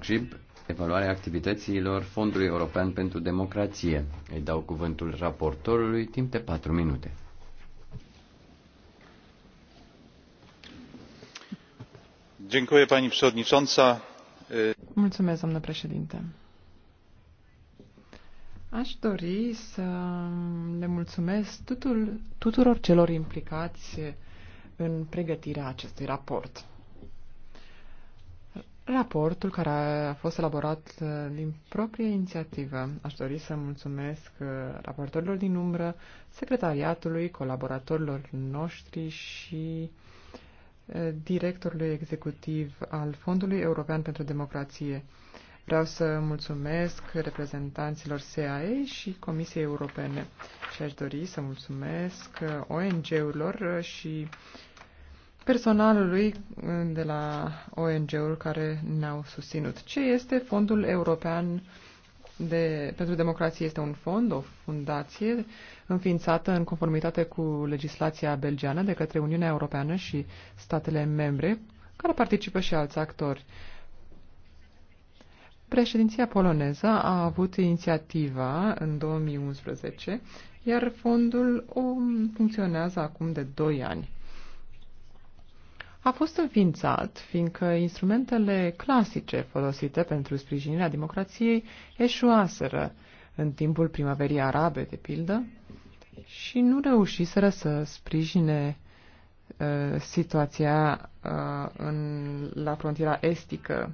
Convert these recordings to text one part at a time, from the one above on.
GIB, evaluarea activităților Fondului European pentru Democrație. Îi dau cuvântul raportorului timp de 4 minute. Dziękuję pani przewodnicząca. Mulțumesc, domnule președinte. Aș dori să le mulțumesc tutul, tuturor celor implicați în pregătirea acestui raport raportul care a fost elaborat uh, din proprie inițiativă. Aș dori să mulțumesc uh, raportorilor din umbră, secretariatului, colaboratorilor noștri și uh, directorului executiv al Fondului European pentru Democrație. Vreau să mulțumesc reprezentanților SAE și Comisiei Europene și aș dori să mulțumesc ONG-urilor și uh, personalului de la ONG-ul care ne-au susținut. Ce este Fondul European de, pentru Democrație? Este un fond, o fundație înființată în conformitate cu legislația belgiană de către Uniunea Europeană și statele membre, care participă și alți actori. Președinția poloneză a avut inițiativa în 2011, iar fondul o funcționează acum de 2 ani a fost înființat fiindcă instrumentele clasice folosite pentru sprijinirea democrației eșuaseră în timpul primăverii arabe, de pildă, și nu reușiseră să sprijine uh, situația uh, în, la frontiera estică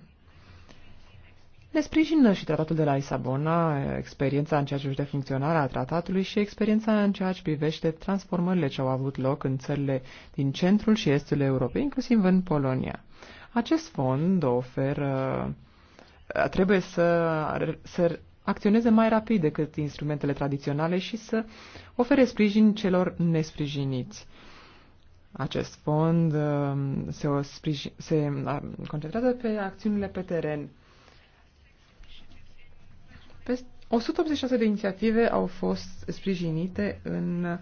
ne sprijină și tratatul de la Lisabona, experiența în ceea ce privește funcționarea tratatului și experiența în ceea ce privește transformările ce au avut loc în țările din centrul și estul Europei, inclusiv în Polonia. Acest fond oferă, trebuie să, să acționeze mai rapid decât instrumentele tradiționale și să ofere sprijin celor nesprijiniți. Acest fond um, se, se um, concentrează pe acțiunile pe teren peste 186 de inițiative au fost sprijinite în,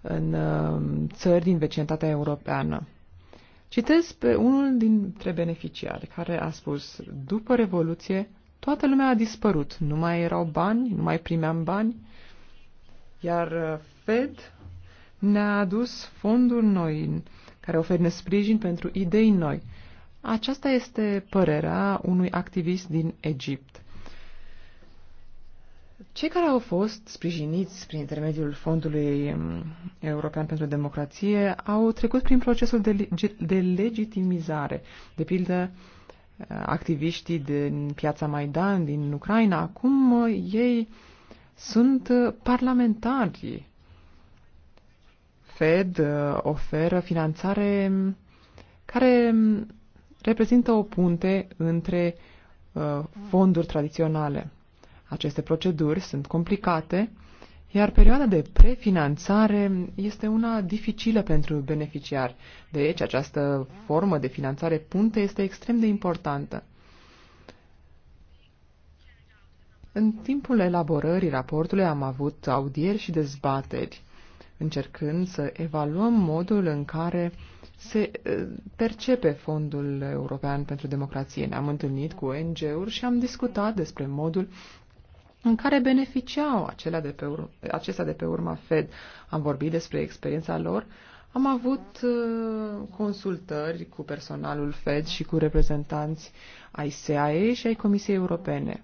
în um, țări din vecinătatea europeană. Citez pe unul dintre beneficiari care a spus, după Revoluție, toată lumea a dispărut, nu mai erau bani, nu mai primeam bani, iar uh, Fed ne-a adus fonduri noi care oferă sprijin pentru idei noi. Aceasta este părerea unui activist din Egipt. Cei care au fost sprijiniți prin intermediul Fondului um, European pentru Democrație au trecut prin procesul de, de legitimizare. De pildă, uh, activiștii din piața Maidan din Ucraina, acum uh, ei sunt uh, parlamentari. Fed oferă finanțare um, care um, reprezintă o punte între fonduri tradiționale. Aceste proceduri sunt complicate, iar perioada de prefinanțare este una dificilă pentru beneficiari. Deci, această formă de finanțare punte este extrem de importantă. În timpul elaborării raportului am avut audieri și dezbateri, încercând să evaluăm modul în care se eh, percepe Fondul European pentru Democrație. Ne-am întâlnit cu ONG-uri și am discutat despre modul în care beneficiau acelea de pe urma, acestea de pe urma Fed. Am vorbit despre experiența lor, am avut uh, consultări cu personalul Fed și cu reprezentanți ai SAE și ai Comisiei Europene.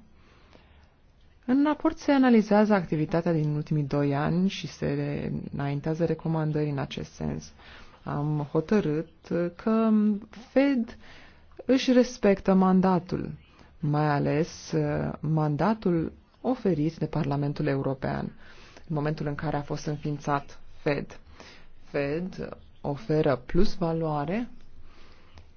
În raport se analizează activitatea din ultimii doi ani și se înaintează recomandări în acest sens. Am hotărât că Fed își respectă mandatul, mai ales uh, mandatul oferiți de Parlamentul European în momentul în care a fost înființat Fed. Fed oferă plus valoare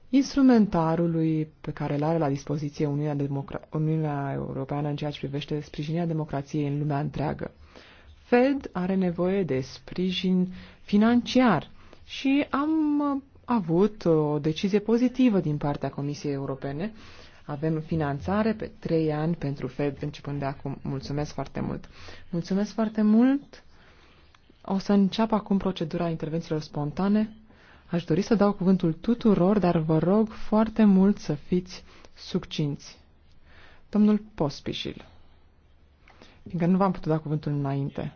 instrumentarului pe care îl are la dispoziție Uniunea, Democra- Uniunea Europeană în ceea ce privește sprijinirea democrației în lumea întreagă. Fed are nevoie de sprijin financiar și am avut o decizie pozitivă din partea Comisiei Europene avem finanțare pe trei ani pentru FED începând de acum. Mulțumesc foarte mult! Mulțumesc foarte mult! O să înceapă acum procedura intervențiilor spontane. Aș dori să dau cuvântul tuturor, dar vă rog foarte mult să fiți succinți. Domnul Pospișil. Fiindcă nu v-am putut da cuvântul înainte.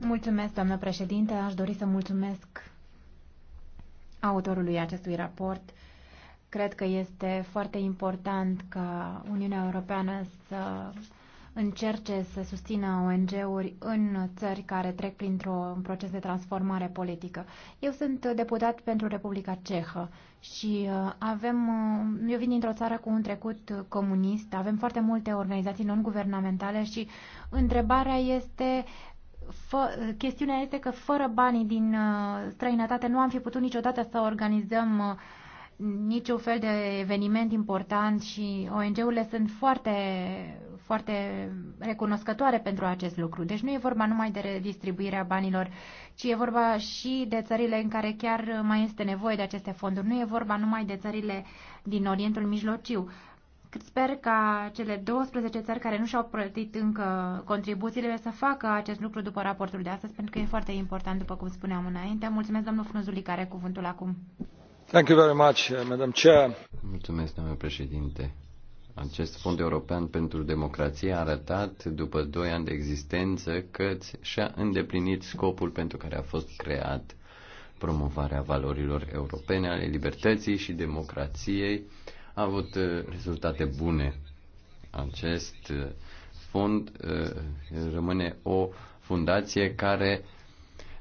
Mulțumesc, doamnă președinte. Aș dori să mulțumesc autorului acestui raport Cred că este foarte important ca Uniunea Europeană să încerce să susțină ONG-uri în țări care trec printr-un proces de transformare politică. Eu sunt deputat pentru Republica Cehă și uh, avem, uh, eu vin dintr-o țară cu un trecut comunist, avem foarte multe organizații non-guvernamentale și întrebarea este Fă, chestiunea este că fără banii din uh, străinătate nu am fi putut niciodată să organizăm uh, niciun fel de eveniment important și ONG-urile sunt foarte, foarte recunoscătoare pentru acest lucru. Deci nu e vorba numai de redistribuirea banilor, ci e vorba și de țările în care chiar mai este nevoie de aceste fonduri. Nu e vorba numai de țările din Orientul Mijlociu. Sper ca cele 12 țări care nu și-au plătit încă contribuțiile să facă acest lucru după raportul de astăzi, pentru că e foarte important, după cum spuneam înainte. Mulțumesc, domnul Frunzuli, care cuvântul acum. Uh, Mulțumesc, domnule președinte. Acest fond european pentru democrație a arătat, după doi ani de existență, că și-a îndeplinit scopul pentru care a fost creat promovarea valorilor europene ale libertății și democrației a avut uh, rezultate bune. Acest uh, fond rămâne o fundație care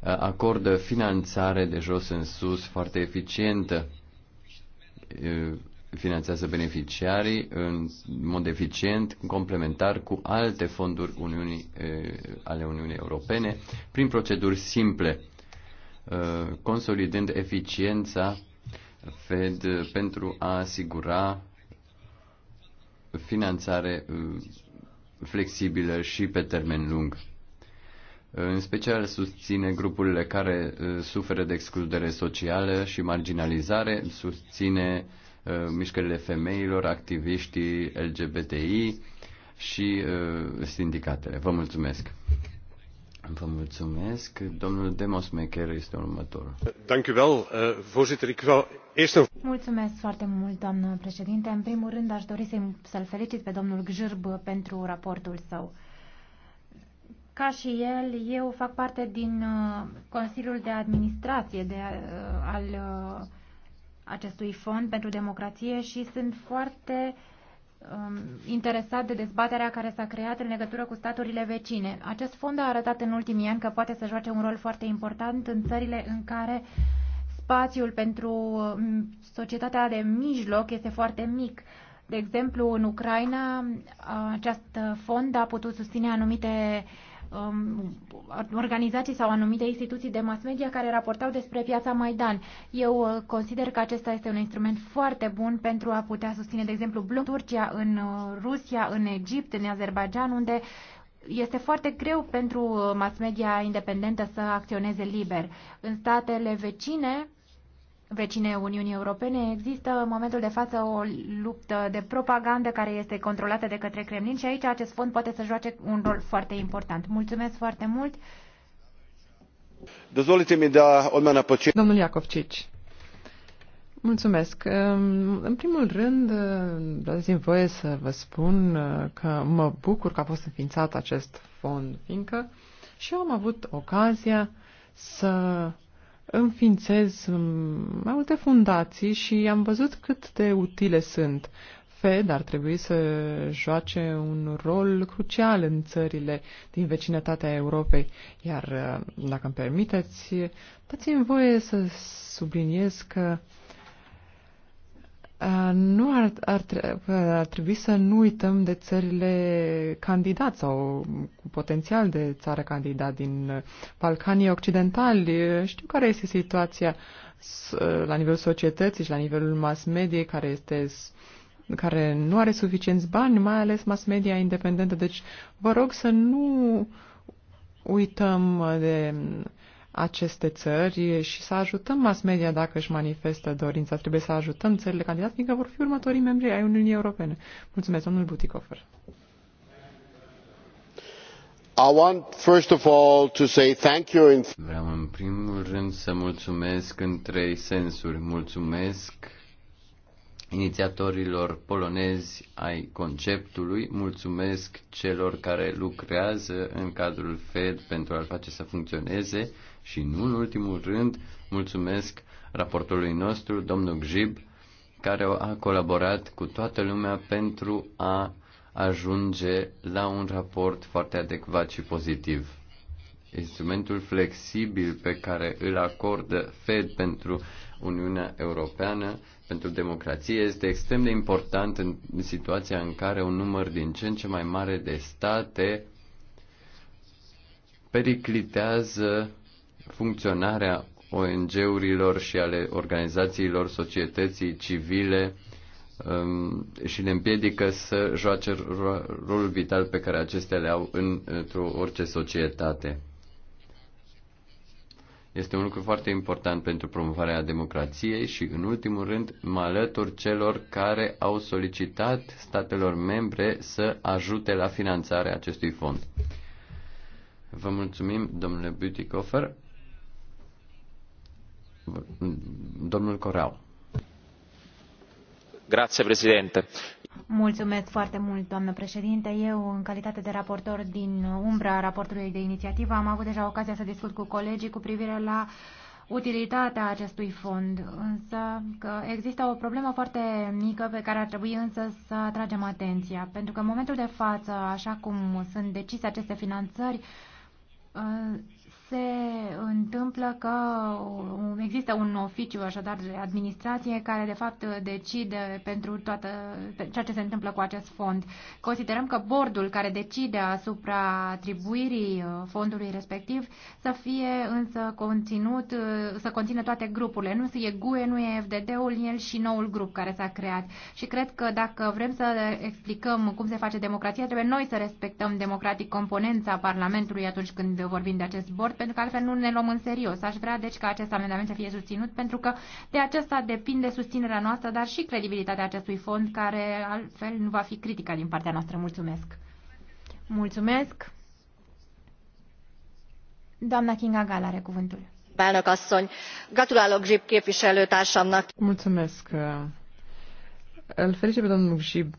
Uh, acordă finanțare de jos în sus foarte eficientă. Uh, finanțează beneficiarii în mod eficient, complementar cu alte fonduri Uniunii, uh, ale Uniunii Europene, prin proceduri simple, consolidând eficiența Fed pentru a asigura finanțare flexibilă și pe termen lung. În special susține grupurile care uh, suferă de excludere socială și marginalizare, susține uh, mișcările femeilor, activiștii LGBTI și uh, sindicatele. Vă mulțumesc! Vă mulțumesc. Domnul Demos Mecher este următorul. Eh, mulțumesc foarte mult, doamnă președinte. În primul rând, aș dori să-l felicit pe domnul Gjârb pentru raportul său. Ca și el, eu fac parte din uh, Consiliul de Administrație de, uh, al uh, acestui fond pentru democrație și sunt foarte um, interesat de dezbaterea care s-a creat în legătură cu staturile vecine. Acest fond a arătat în ultimii ani că poate să joace un rol foarte important în țările în care spațiul pentru um, societatea de mijloc este foarte mic. De exemplu, în Ucraina, acest fond a putut susține anumite uh, um, organizații sau anumite instituții de mass media care raportau despre piața Maidan. Eu uh, consider că acesta este un instrument foarte bun pentru a putea susține, de exemplu, blocul Turcia, în uh, Rusia, în Egipt, în Azerbaijan, unde este foarte greu pentru uh, mass media independentă să acționeze liber. În statele vecine, vecine Uniunii Europene, există în momentul de față o luptă de propagandă care este controlată de către Kremlin și aici acest fond poate să joace un rol foarte important. Mulțumesc foarte mult! Dozvolite mi Domnul Iacovcici. Mulțumesc. În primul rând, dați-mi voie să vă spun uh, că mă bucur că a fost înființat acest fond, fiindcă și eu am avut ocazia să înființez um, mai multe fundații și am văzut cât de utile sunt. Fed ar trebui să joace un rol crucial în țările din vecinătatea Europei, iar, uh, dacă îmi permiteți, dați-mi voie să subliniez că Uh, nu ar, ar, uh, ar trebui să nu uităm de țările candidat sau cu potențial de țară candidat din uh, Balcanii Occidentali. Știu care este situația la nivelul societății și la nivelul mass media care este care nu are suficienți bani, mai ales mass media independentă. Deci vă rog să nu uităm de uh, aceste țări și să ajutăm mass media dacă își manifestă dorința. Trebuie să ajutăm țările candidate, fiindcă vor fi următorii membri ai Uniunii Europene. Mulțumesc, domnul Butikofer. I want first of all to say thank you in... Vreau în primul rând să mulțumesc în trei sensuri. Mulțumesc inițiatorilor polonezi ai conceptului, mulțumesc celor care lucrează în cadrul Fed pentru a-l face să funcționeze și nu în ultimul rând, mulțumesc raportului nostru, domnul Gjib, care a colaborat cu toată lumea pentru a ajunge la un raport foarte adecvat și pozitiv. Instrumentul flexibil pe care îl acordă Fed pentru Uniunea Europeană pentru democrație este extrem de important în situația în care un număr din ce în ce mai mare de state periclitează funcționarea ONG-urilor și ale organizațiilor societății civile um, și le împiedică să joace rolul vital pe care acestea le au în, într-o orice societate. Este un lucru foarte important pentru promovarea democrației și, în ultimul rând, mă alătur celor care au solicitat statelor membre să ajute la finanțarea acestui fond. Vă mulțumim, domnule Butikofer. Domnul Coreau. Grazie, Mulțumesc foarte mult, doamnă președinte. Eu, în calitate de raportor din umbra raportului de inițiativă, am avut deja ocazia să discut cu colegii cu privire la utilitatea acestui fond, însă că există o problemă foarte mică pe care ar trebui însă să atragem atenția, pentru că în momentul de față, așa cum sunt decise aceste finanțări, se întâmplă că există un oficiu așadar de administrație care de fapt decide pentru toată ceea ce se întâmplă cu acest fond. Considerăm că bordul care decide asupra atribuirii uh, fondului respectiv să fie însă conținut, uh, să conțină toate grupurile. Nu e GUE, nu e FDD-ul, el și noul grup care s-a creat. Și cred că dacă vrem să explicăm cum se face democrația, trebuie noi să respectăm democratic componența Parlamentului atunci când vorbim de acest bord pentru că altfel nu ne luăm în serios. Aș vrea deci ca acest amendament să fie susținut, pentru că de acesta depinde susținerea noastră, dar și credibilitatea acestui fond, care altfel nu va fi critică din partea noastră. Mulțumesc! Mulțumesc! Doamna Kinga Gal are cuvântul. Elnök asszony, gratulálok Zsib képviselőtársamnak. Mulțumesc. Îl felicit pe domnul Zsib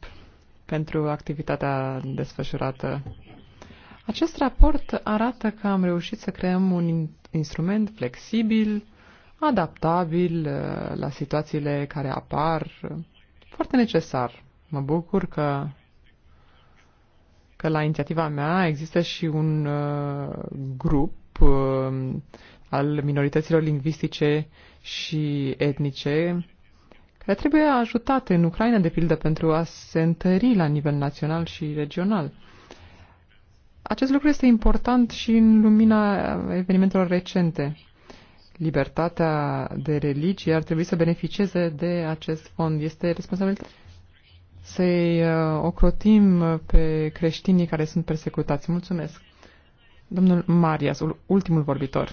pentru activitatea desfășurată acest raport arată că am reușit să creăm un instrument flexibil, adaptabil uh, la situațiile care apar, foarte necesar. Mă bucur că, că la inițiativa mea există și un uh, grup uh, al minorităților lingvistice și etnice care trebuie ajutate în Ucraina, de pildă, pentru a se întări la nivel național și regional. Acest lucru este important și în lumina evenimentelor recente. Libertatea de religie ar trebui să beneficieze de acest fond. Este responsabil să-i uh, ocrotim pe creștinii care sunt persecutați. Mulțumesc. Domnul Marias, ultimul vorbitor.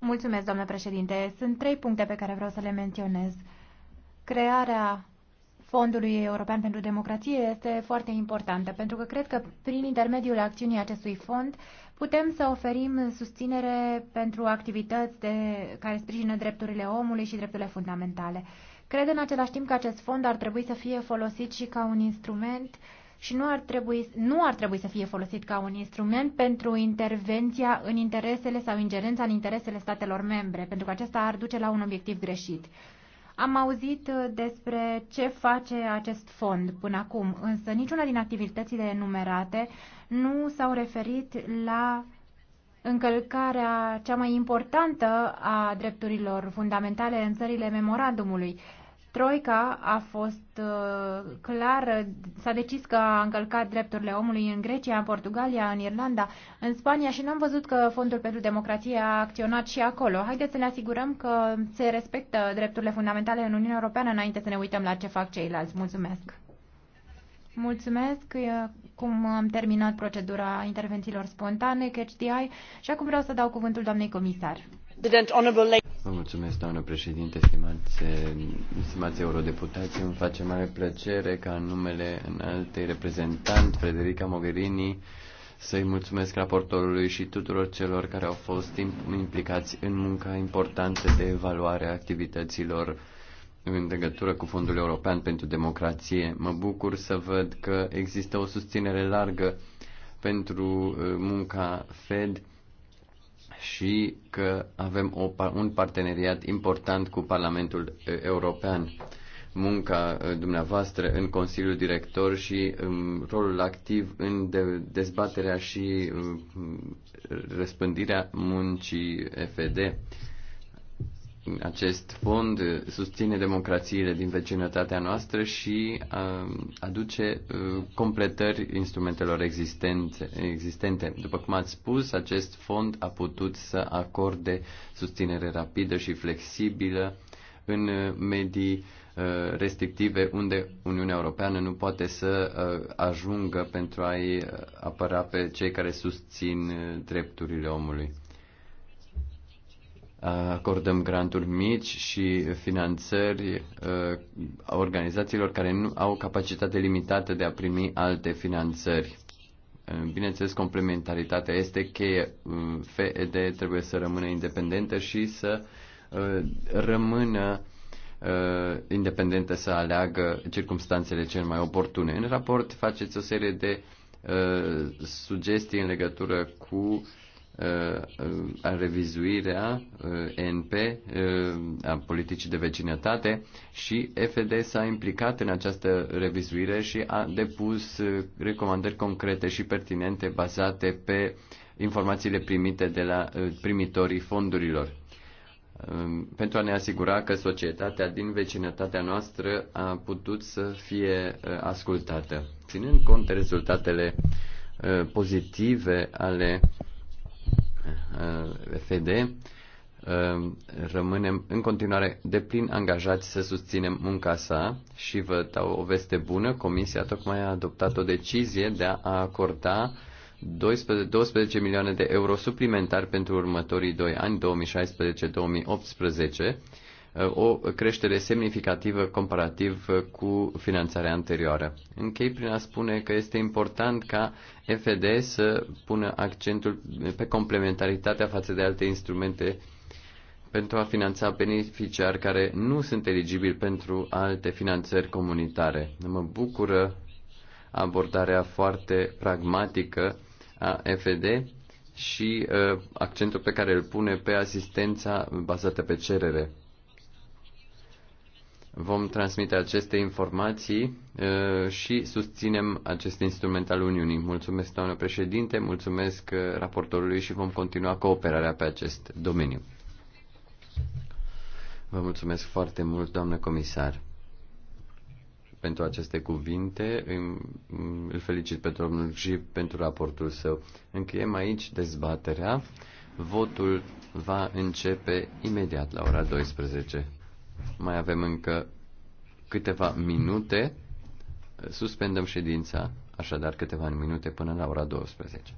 Mulțumesc, domnule președinte. Sunt trei puncte pe care vreau să le menționez. Crearea Fondului European pentru Democrație este foarte importantă, pentru că cred că prin intermediul acțiunii acestui fond putem să oferim susținere pentru activități de, care sprijină drepturile omului și drepturile fundamentale. Cred în același timp că acest fond ar trebui să fie folosit și ca un instrument și nu ar, trebui, nu ar trebui să fie folosit ca un instrument pentru intervenția în interesele sau ingerența în interesele statelor membre, pentru că acesta ar duce la un obiectiv greșit. Am auzit uh, despre ce face acest fond până acum, însă niciuna din activitățile enumerate nu s-au referit la încălcarea cea mai importantă a drepturilor fundamentale în țările memorandumului Troica a fost uh, clară, s-a decis că a încălcat drepturile omului în Grecia, în Portugalia, în Irlanda, în Spania și n-am văzut că Fondul pentru Democrație a acționat și acolo. Haideți să ne asigurăm că se respectă drepturile fundamentale în Uniunea Europeană înainte să ne uităm la ce fac ceilalți. Mulțumesc! Mulțumesc! Cum am terminat procedura intervențiilor spontane, catch the eye, și acum vreau să dau cuvântul doamnei comisar. Vă mulțumesc, doamnă președinte, stimați, stimați eurodeputați. Îmi face mare plăcere ca în numele înaltei reprezentant, Frederica Mogherini, să-i mulțumesc raportorului și tuturor celor care au fost implicați în munca importantă de evaluare a activităților în legătură cu Fondul European pentru Democrație. Mă bucur să văd că există o susținere largă pentru uh, munca Fed și că avem o, un parteneriat important cu Parlamentul European. Munca dumneavoastră în Consiliul Director și um, rolul activ în de, dezbaterea și um, răspândirea muncii FD acest fond susține democrațiile din vecinătatea noastră și um, aduce uh, completări instrumentelor existente, existente. După cum ați spus, acest fond a putut să acorde susținere rapidă și flexibilă în medii uh, restrictive unde Uniunea Europeană nu poate să uh, ajungă pentru a-i apăra pe cei care susțin drepturile omului acordăm granturi mici și finanțări uh, organizațiilor care nu au capacitate limitată de a primi alte finanțări. Uh, bineînțeles, complementaritatea este că uh, FED trebuie să rămână independentă și să rămână independentă să aleagă circumstanțele cel mai oportune. În raport faceți o serie de sugestii în legătură cu uh, Uh, revizuirea uh, NP uh, a politicii de vecinătate și FD s-a implicat în această revizuire și a depus recomandări concrete și pertinente bazate pe informațiile primite de la primitorii fondurilor um, pentru a ne asigura că societatea din vecinătatea noastră a putut să fie ascultată. Ținând cont de rezultatele pozitive ale Uh, FD, uh, rămânem în continuare deplin angajați să susținem munca sa și vă dau o veste bună. Comisia tocmai a adoptat o decizie de a acorda 12, 12 milioane de euro suplimentari pentru următorii 2 ani, 2016-2018, o creștere semnificativă comparativ cu finanțarea anterioară. Închei prin a spune că este important ca FD să pună accentul pe complementaritatea față de alte instrumente pentru a finanța beneficiari care nu sunt eligibili pentru alte finanțări comunitare. Mă bucură abordarea foarte pragmatică a FD și uh, accentul pe care îl pune pe asistența bazată pe cerere. Vom transmite aceste informații și susținem acest instrument al Uniunii. Mulțumesc, doamnă președinte, mulțumesc raportorului și vom continua cooperarea pe acest domeniu. Vă mulțumesc foarte mult, doamnă comisar, pentru aceste cuvinte. Îl felicit pe domnul și pentru raportul său. Încheiem aici dezbaterea. Votul va începe imediat la ora 12. Mai avem încă câteva minute. Suspendăm ședința, așadar câteva minute până la ora 12.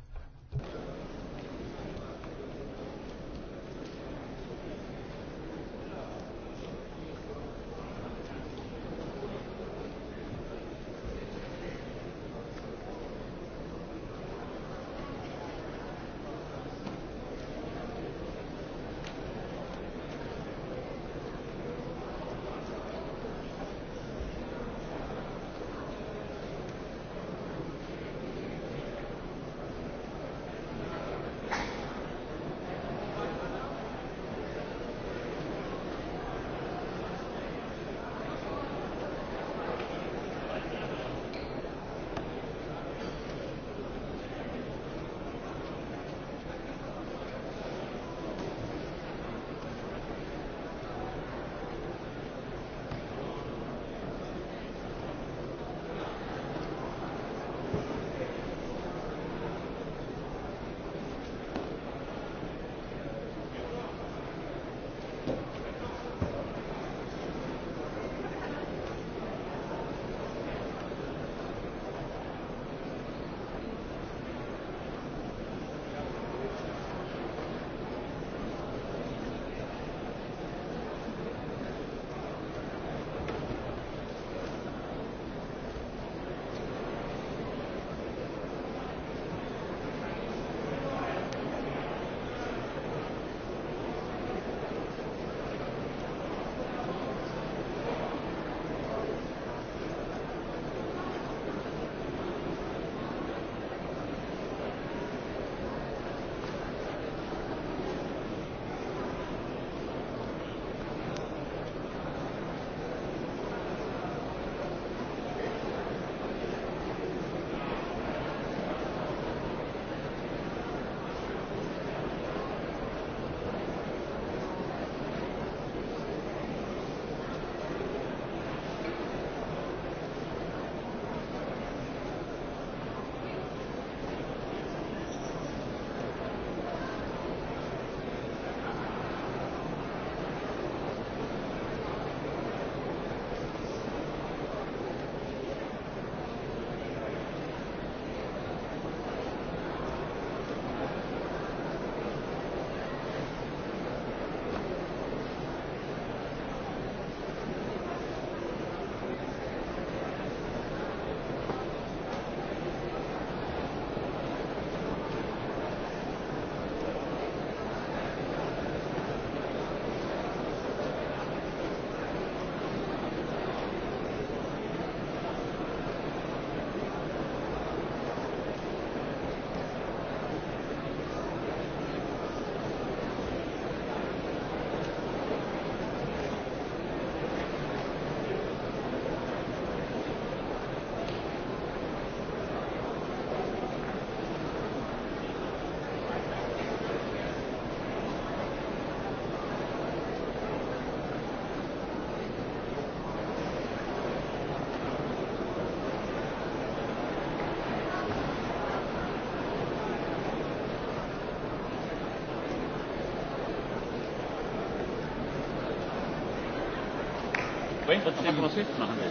Thomas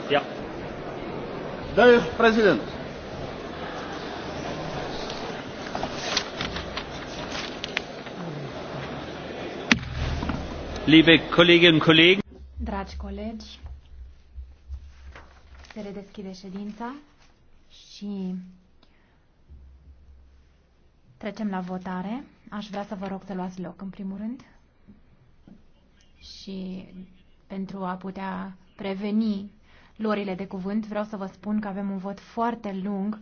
Ja. Liebe Kolleginnen und Kollegen. Dragi colegi, se redeschide ședința și trecem la votare. Aș vrea să vă rog să luați loc în primul rând și pentru a putea preveni lorile de cuvânt, vreau să vă spun că avem un vot foarte lung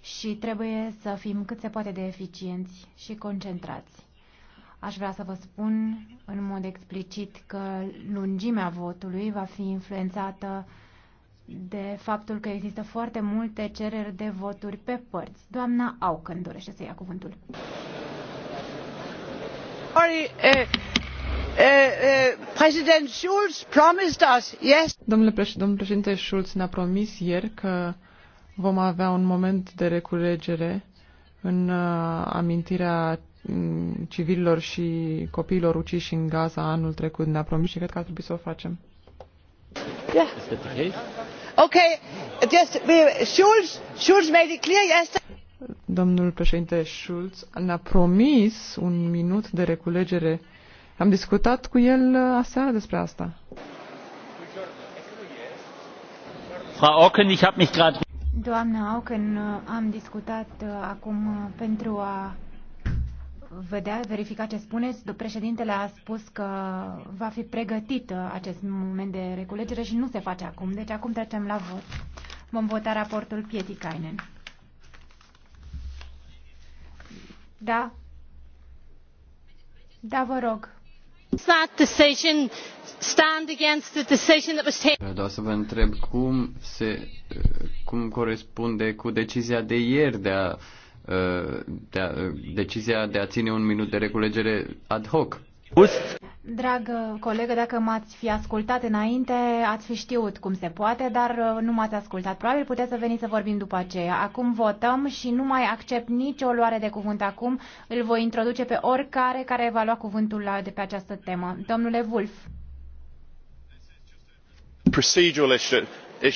și trebuie să fim cât se poate de eficienți și concentrați. Aș vrea să vă spun în mod explicit că lungimea votului va fi influențată de faptul că există foarte multe cereri de voturi pe părți. Doamna Aucăn dorește să ia cuvântul. Eh, Uh, uh, Domnule președinte Schulz ne-a promis ieri că vom avea un moment de reculegere în uh, amintirea mm, civililor și copiilor uciși în Gaza anul trecut. Ne-a promis și cred că ar trebui să o facem. Domnul președinte Schulz ne-a promis un minut de reculegere am discutat cu el uh, aseară despre asta. Frau Ocken, ich habe mich gerade Doamna Auken, uh, am discutat uh, acum pentru a vedea, verifica ce spuneți. Președintele a spus că va fi pregătit acest moment de reculegere și nu se face acum. Deci acum trecem la vot. Vom vota raportul Pietikainen. Da? Da, vă rog. Vreau să vă întreb cum, se, cum corespunde cu decizia de ieri de a, ă, de a, decizia de a ține un minut de reculegere ad hoc. Dragă colegă, dacă m-ați fi ascultat înainte, ați fi știut cum se poate, dar uh, nu m-ați ascultat. Probabil puteți să veniți să vorbim după aceea. Acum votăm și nu mai accept nicio luare de cuvânt acum. Îl voi introduce pe oricare care va lua cuvântul de pe această temă. Domnule Wolf.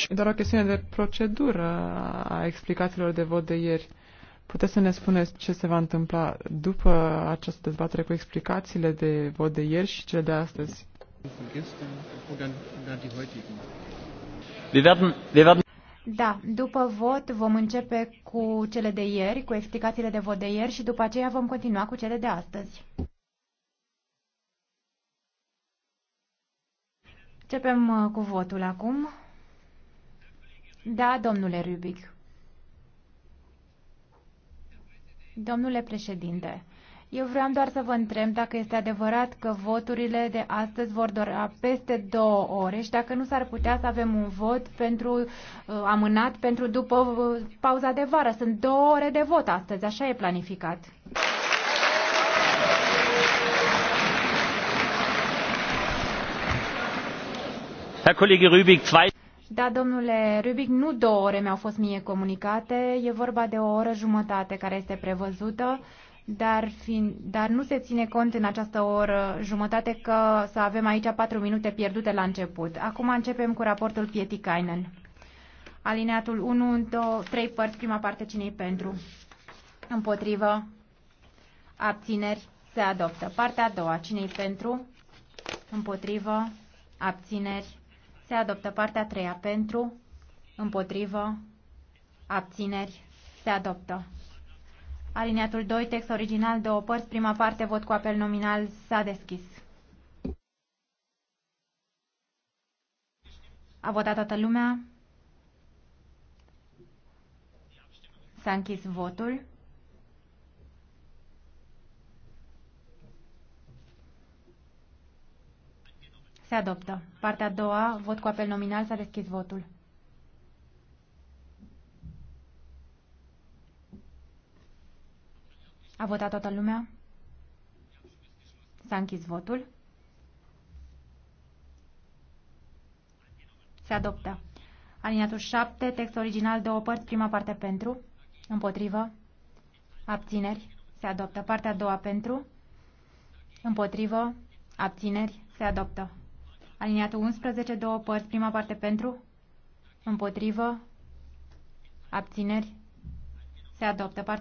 Doar o chestiune de procedură a explicațiilor de vot de ieri. Puteți să ne spuneți ce se va întâmpla după această dezbatere cu explicațiile de vot de ieri și cele de astăzi? Da, după vot vom începe cu cele de ieri, cu explicațiile de vot de ieri și după aceea vom continua cu cele de astăzi. Începem uh, cu votul acum. Da, domnule Rubik. Domnule președinte, eu vreau doar să vă întreb dacă este adevărat că voturile de astăzi vor dura peste două ore și dacă nu s-ar putea să avem un vot pentru uh, amânat pentru după uh, pauza de vară. Sunt două ore de vot astăzi, așa e planificat. Herr Kollege Rübig, zwei da, domnule Rubic, nu două ore mi-au fost mie comunicate, e vorba de o oră jumătate care este prevăzută, dar, fiind, dar nu se ține cont în această oră jumătate că să avem aici patru minute pierdute la început. Acum începem cu raportul Pietikainen. Alineatul 1, 2, 3 părți, prima parte cinei pentru. Împotrivă. Abțineri. Se adoptă. Partea a doua. Cinei pentru? Împotrivă. Abțineri se adoptă partea a treia pentru, împotrivă, abțineri. Se adoptă. Aliniatul 2, text original, două părți, prima parte, vot cu apel nominal, s-a deschis. A votat toată lumea. S-a închis votul. Se adoptă. Partea a doua, vot cu apel nominal, s-a deschis votul. A votat toată lumea? S-a închis votul. Se adoptă. Aliniatul 7, text original, două părți, prima parte pentru, împotrivă, abțineri, se adoptă. Partea a doua pentru, împotrivă, abțineri, se adoptă. Aliniatul 11, două părți, prima parte pentru, împotrivă, abțineri, se adoptă.